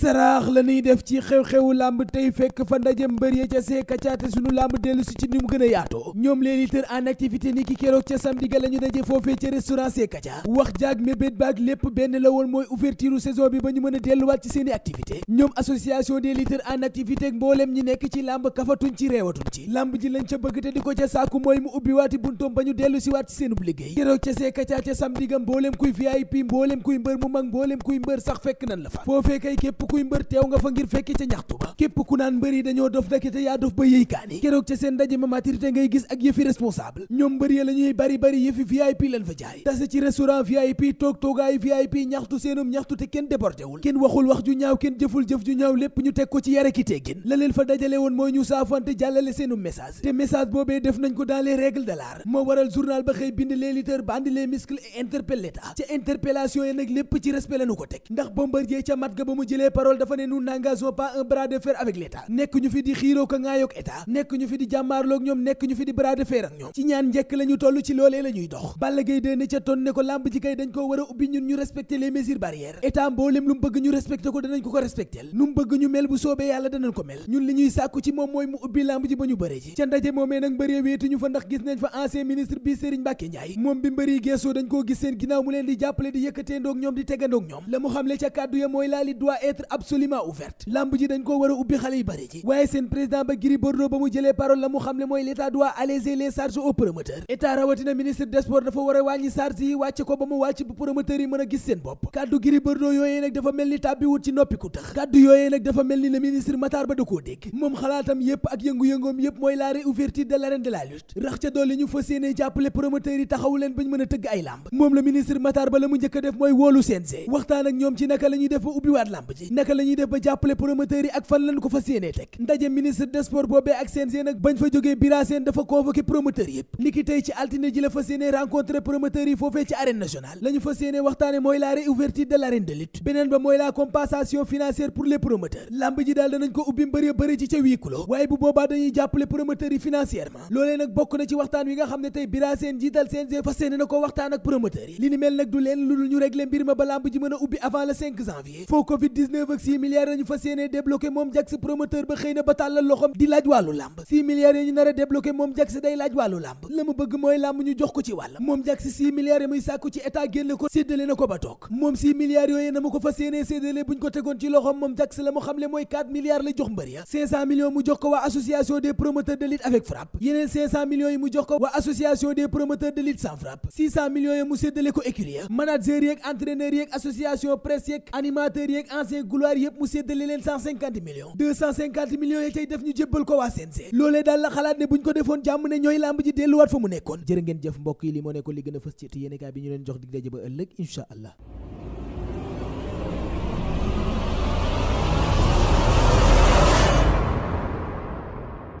saraax la ñuy def ci xew-xewu làmb tey fekk fa ndaje mbër ya ca seeka caate sunu làmb dellu si ci ni mu gën a yaatoo ñoom leen lutteur en activité ni ki keroog ca samedi ga la ñu daje foofee ca restaurant la woon mooy ouverture saison bi ba ñu mën a delluwaat ci seeni activité ñoom association des lutteurs en activité mboolem ñi nekk ci làmb kafatuñ ci reewatuñ ci làmb ji lañ ca bëgg te di ko ca sàkku mooy mu ubbi waati buntoom ba ñu dellu si waat ci seenub liggéey keroog ca seeka ca ca kuy VIP mboolem kuy mbër mu mag mboolem kuy mbër sax fekk nan la fa foofee kay képp kuy mbër teew nga fa ngir fekki ca ñaxtu ba képp ku naan mbër yi dañoo dof dakite yaa dof ba yëykaan yi keroog ca seen ndaje ma maturité tase ci restaurant VIP toog toogaayu VIP ñaxtu seenum ñaxtu te kenn déporté kenn waxul wax ju ñaaw kenn jëful jëf ju ñaaw lépp ñu teg ko ci yare ki teggin la leen fa dajale woon mooy ñu saafante jàllale seenum message te message boobee def nañ ko dans les règles de waral journal ba xëy bind les lutteurs bandi les muscles et interpelle ca interpellation yi nag lépp ci respect lañu ko teg ndax Bombardier ca mat ga ba mu jëlee parole dafa ne nous n'engageons pas un bras de fer avec l'État nekk ñu fi di xiiroo ko ngaayook état nekk ñu fi di jàmmaarloog ñoom nekk ñu fi di bras de fer ak ñoom ci ñaan njekk la ñu ci loolee la dox Balla Gaye dee ne ca ton ko làmb ji kay dañ ko war ubbi ñun ñu respecter les mesures barrières état mboolem lu mu bëgg ñu respecter ko danañ ko ko nu mu bëgg ñu mel bu soobee yàlla danañ ko mel ñun li ñuy sàkku ci moom mooy mu ubbi làmb absolument ouverte lamb ji dañ ko war a ubbi xale yu bari ji waaye seen président ba Gris Bordeaux ba mu jëlee parole la mu xam ne mooy l'état doit alléger les charges aux promoteurs état rawatina ministre des dafa war a wàññi charges yi wàcce ko ba mu wàcc bu promoteurs yi mën a gis seen bopp kàddu Gris Bordeaux yooyee nag dafa mel ni tàbbi wut ci noppi ku tax kàddu yooyee nag dafa mel ni le ministre Matar Ba da koo dégg moom xalaatam yépp ak yëngu-yëngoom yépp la réouverture de l'arène a tëgg ay lamb moom le ministre Matar Ba la mu njëkk a def mooy woolu la ñuy naka la def ba jàppale promoteurs yi ak fan lañ ko fas yéenee teg ndaje ministre des boobee ak CNG nag bañ fa jógee Bira Sène dafa convoqué promoteurs yi foofee ci arène nationale la ñu fas yéenee waxtaane mooy la réouverture de l'arène de lutte beneen ba mooy la compensation financière pour les promoteurs lamb ji daal danañ ko ubbi mbëri bëri ci ca huis waaye bu boobaa dañuy jàppale promoteurs yi financièrement loolee nag bokk na ci waxtaan 9 ak 6 milliards ñu fas yéene débloqué moom Jax promoteur ba xëy na ba tàllal loxom di laaj wàllu làmb 6 milliards yi ñu nar a débloqué moom Jax day laaj wàllu làmb la mu bëgg mooy làmb ñu jox ko ci wàll moom Jax 6 milliards yi muy sàkku ci état génne ko séddale na ko ba toog moom 6 milliards yooyu na mu ko fas yéene séddale buñ ko tegoon ci loxom moom Jax la mu xamle mooy 4 milliards la jox mbër ya 500 millions mu jox ko waa association des promoteurs de lutte avec frappe yeneen 500 millions yi mu jox ko waa association des promoteurs de lutte sans frappe 600 millions yi mu séddale ko écurie manager yeeg entraîneur yeeg association presse yeeg animateur yeeg ancien gloire yëpp mu séddale leen 150 millions 250 millions ya cay def ñu jébbal ko waa CNG loolee daal la xalaat ne buñ ko defoon jàmm ne ñooy làmb ji delluwaat fa mu nekkoon jërë ngeen jëf mbokk moo nekkoon li gën a fës ci yéenekaay bi ñu leen jox dig daje ba ëllëg incha allah